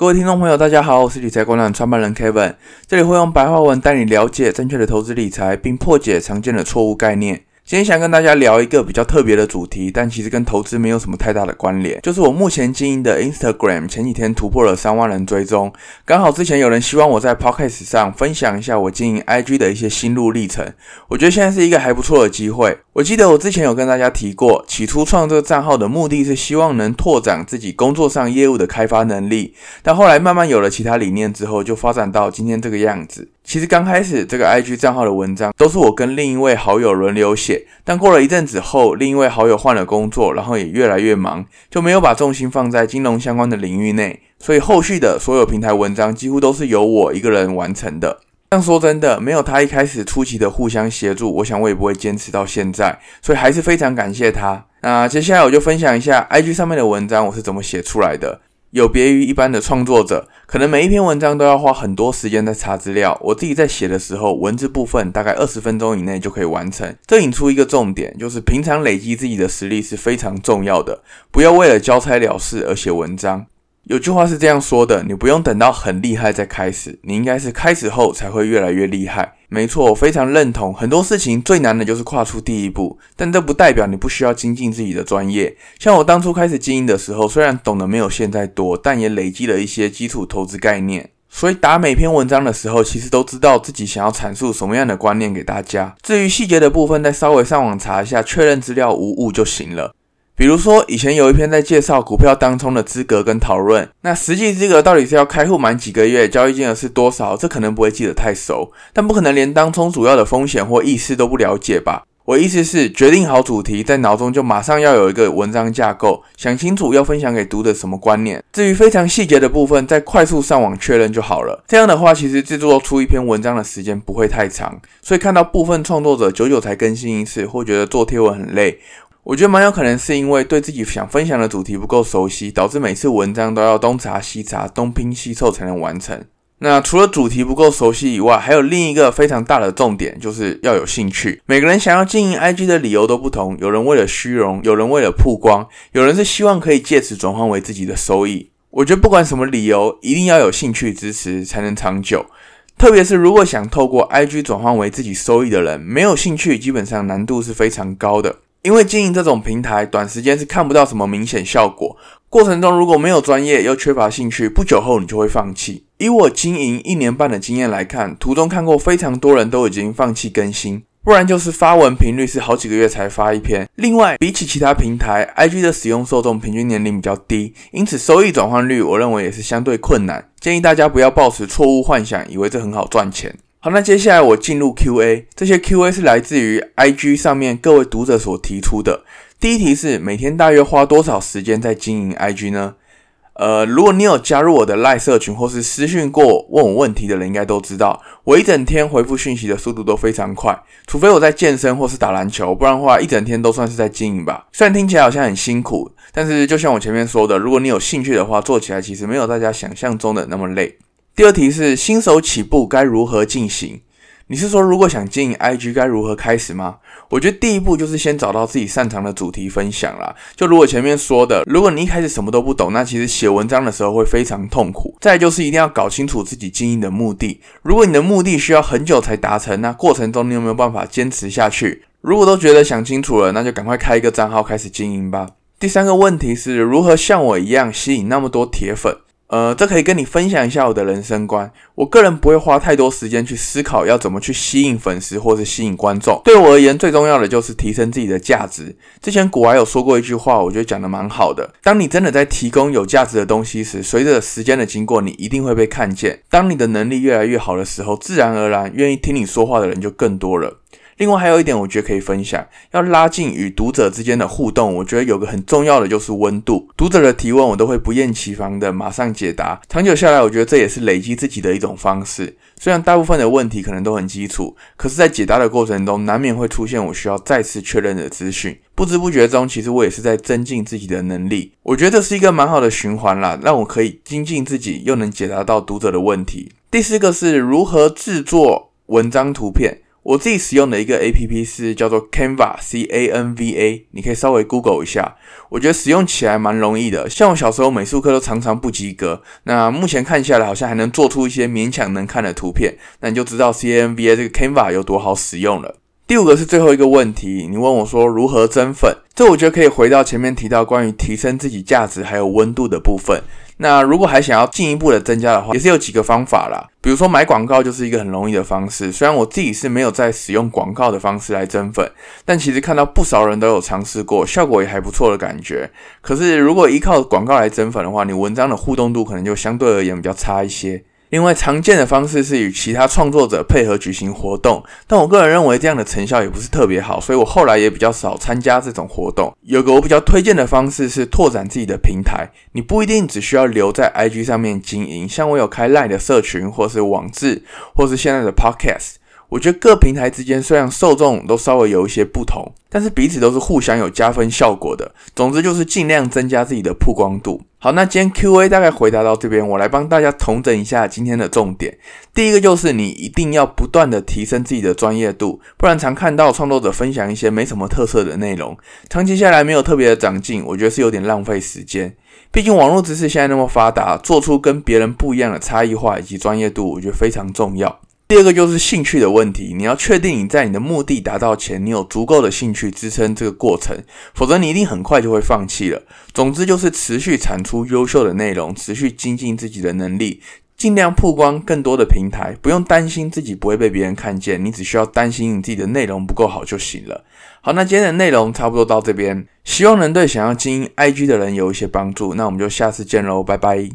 各位聽眾朋友，大家好，我是理財館長的創辦人 Kevin，這裡會用白話文帶你了解正確的投資理財，並破解常見的錯誤概念。今天想跟大家聊一個比較特別的主題，但其實跟投資沒有什麼太大的關聯。就是我目前經營的 Instagram 前幾天突破了三萬人追蹤，剛好之前有人希望我在 Podcast 上分享一下我經營 IG 的一些心路歷程，我覺得現在是一個還不錯的機會。我記得我之前有跟大家提過，起初創這個賬號的目的是希望能拓展自己工作上業務的開發能力，但後來慢慢有了其他理念之後，就發展到今天這個樣子。其實剛開始這個 IG 賬號的文章都是我跟另一位好友輪流寫，但過了一陣子後，另一位好友換了工作，然後也越來越忙，就沒有把重心放在金融相關的領域內，所以後續的所有平台文章幾乎都是由我一個人完成的。但說真的，沒有他一開始初期的互相協助，我想我也不會堅持到現在，所以還是非常感謝他。那接下來我就分享一下 IG 上面的文章我是怎麼寫出來的。有別於一般的創作者，可能每一篇文章都要花很多時間在查資料。我自己在寫的時候，文字部分大概二十分鐘以內就可以完成。這引出一個重點，就是平常累積自己的實力是非常重要的，不要為了交差了事而寫文章。有句話是這樣說的：你不用等到很厲害再開始，你應該是開始後才會越來越厲害。沒錯，我非常認同。很多事情最難的就是跨出第一步，但這不代表你不需要精進自己的專業。像我當初開始經營的時候，雖然懂得沒有現在多，但也累積了一些基礎投資概念。所以打每篇文章的時候，其實都知道自己想要闡述什麼樣的觀念給大家。至於細節的部分，再稍微上網查一下，確認資料無誤就行了。比如說，以前有一篇在介紹股票當沖的資格跟討論，那實際資格到底是要開戶滿幾個月，交易金額是多少？這可能不會記得太熟，但不可能連當沖主要的風險或意思都不了解吧？我的意思是，決定好主題，在腦中就馬上要有一個文章架構，想清楚要分享給讀者什麼觀念。至於非常細節的部分，再快速上網確認就好了。這樣的話，其實製作出一篇文章的時間不會太長，所以看到部分創作者久久才更新一次，或覺得做貼文很累。我覺得蠻有可能是因為對自己想分享的主題不夠熟悉，導致每次文章都要東查西查、東拼西湊才能完成。那除了主題不夠熟悉以外，還有另一個非常大的重點就是要有興趣。每個人想要經營 IG 的理由都不同，有人為了虛榮，有人為了曝光，有人是希望可以借此轉換為自己的收益。我覺得不管什麼理由，一定要有興趣支持才能長久。特別是如果想透過 IG 轉換為自己收益的人，沒有興趣，基本上難度是非常高的。因為經營這種平台，短時間是看不到什麼明顯效果。過程中如果沒有專業，又缺乏興趣，不久後你就會放棄。以我經營一年半的經驗來看，途中看過非常多人都已經放棄更新，不然就是發文頻率是好幾個月才發一篇。另外，比起其他平台，IG 的使用受眾平均年齡比較低，因此收益轉換率，我認為也是相對困難。建議大家不要抱持錯誤幻想，以為這很好賺錢。好，那接下來我進入 Q A。這些 Q A 是來自於 I G 上面各位讀者所提出的。第一題是：每天大約花多少時間在經營 I G 呢？呃，如果你有加入我的 LINE 社群或是私訊過我問我問題的人，應該都知道，我一整天回復訊息的速度都非常快，除非我在健身或是打籃球，不然的話一整天都算是在經營吧。雖然聽起來好像很辛苦，但是就像我前面說的，如果你有興趣的話，做起來其實沒有大家想象中的那麼累。第二題是新手起步該如何進行？你是說如果想經營 IG 該如何開始嗎？我覺得第一步就是先找到自己擅長的主題分享啦。就如果前面說的，如果你一開始什麼都不懂，那其實寫文章的時候會非常痛苦。再來就是一定要搞清楚自己經營的目的。如果你的目的需要很久才達成，那過程中你有沒有辦法堅持下去？如果都覺得想清楚了，那就趕快開一個賬號開始經營吧。第三個問題是如何像我一樣吸引那麼多鐵粉？呃，這可以跟你分享一下我的人生觀。我個人不會花太多時間去思考要怎麼去吸引粉絲或是吸引觀眾。對我而言，最重要的就是提升自己的價值。之前股癌有說過一句話，我覺得講的蠻好的。當你真的在提供有價值的東西時，隨着時間的經過，你一定會被看見。當你的能力越來越好的時候，自然而然願意聽你說話的人就更多了。另外還有一點，我覺得可以分享，要拉近與讀者之間的互動。我覺得有個很重要的就是溫度，讀者的提問我都會不厭其煩的馬上解答。長久下來，我覺得這也是累積自己的一種方式。雖然大部分的問題可能都很基礎，可是，在解答的過程中，難免會出現我需要再次確認的資訊。不知不覺中，其實我也是在增進自己的能力。我覺得這是一個蠻好的循環啦，讓我可以精進自己，又能解答到讀者的問題。第四個是如何制作文章圖片。我自己使用的一個 A P P 是叫做 Canva，C A N V A，你可以稍微 Google 一下。我覺得使用起來蠻容易的。像我小時候美術課都常常不及格，那目前看下來好像還能做出一些勉強能看的圖片，那你就知道 C A N V A 這個 Canva 有多好使用了。第五個是最後一個問題，你問我說如何增粉，這我覺得可以回到前面提到關於提升自己價值還有溫度的部分。那如果還想要進一步的增加的話，也是有幾個方法啦。比如說買廣告就是一個很容易的方式，雖然我自己是沒有在使用廣告的方式來增粉，但其實看到不少人都有嘗試過，效果也還不錯的感覺。可是如果依靠廣告來增粉的話，你文章的互動度可能就相對而言比較差一些。另外，常見的方式是與其他創作者配合舉行活動，但我個人認為這樣的成效也不是特別好，所以我後來也比較少參加這種活動。有個我比較推薦的方式是拓展自己的平台，你不一定只需要留在 IG 上面經營，像我有開 LINE 的社群，或是網誌，或是現在的 Podcast。我覺得各平台之間雖然受眾都稍微有一些不同，但是彼此都是互相有加分效果的。總之就是盡量增加自己的曝光度。好，那今天 QA 大概回答到這邊，我來幫大家重整一下今天的重點。第一個就是你一定要不斷的提升自己的專業度，不然常看到創作者分享一些沒什麼特色的內容，長期下來沒有特別的長進，我覺得是有點浪費時間。畢竟網絡知識現在那麼發達，做出跟別人不一樣的差異化以及專業度，我覺得非常重要。第二個就是興趣的問題，你要確定你在你的目的達到前，你有足夠的興趣支撐這個過程，否則你一定很快就會放棄了。總之就是持續產出優秀的內容，持續精進自己的能力，盡量曝光更多的平台，不用擔心自己不會被別人看見，你只需要擔心你自己的內容不夠好就行了。好，那今天的內容差不多到這邊，希望能對想要經營 IG 的人有一些幫助。那我們就下次見嘍，拜拜。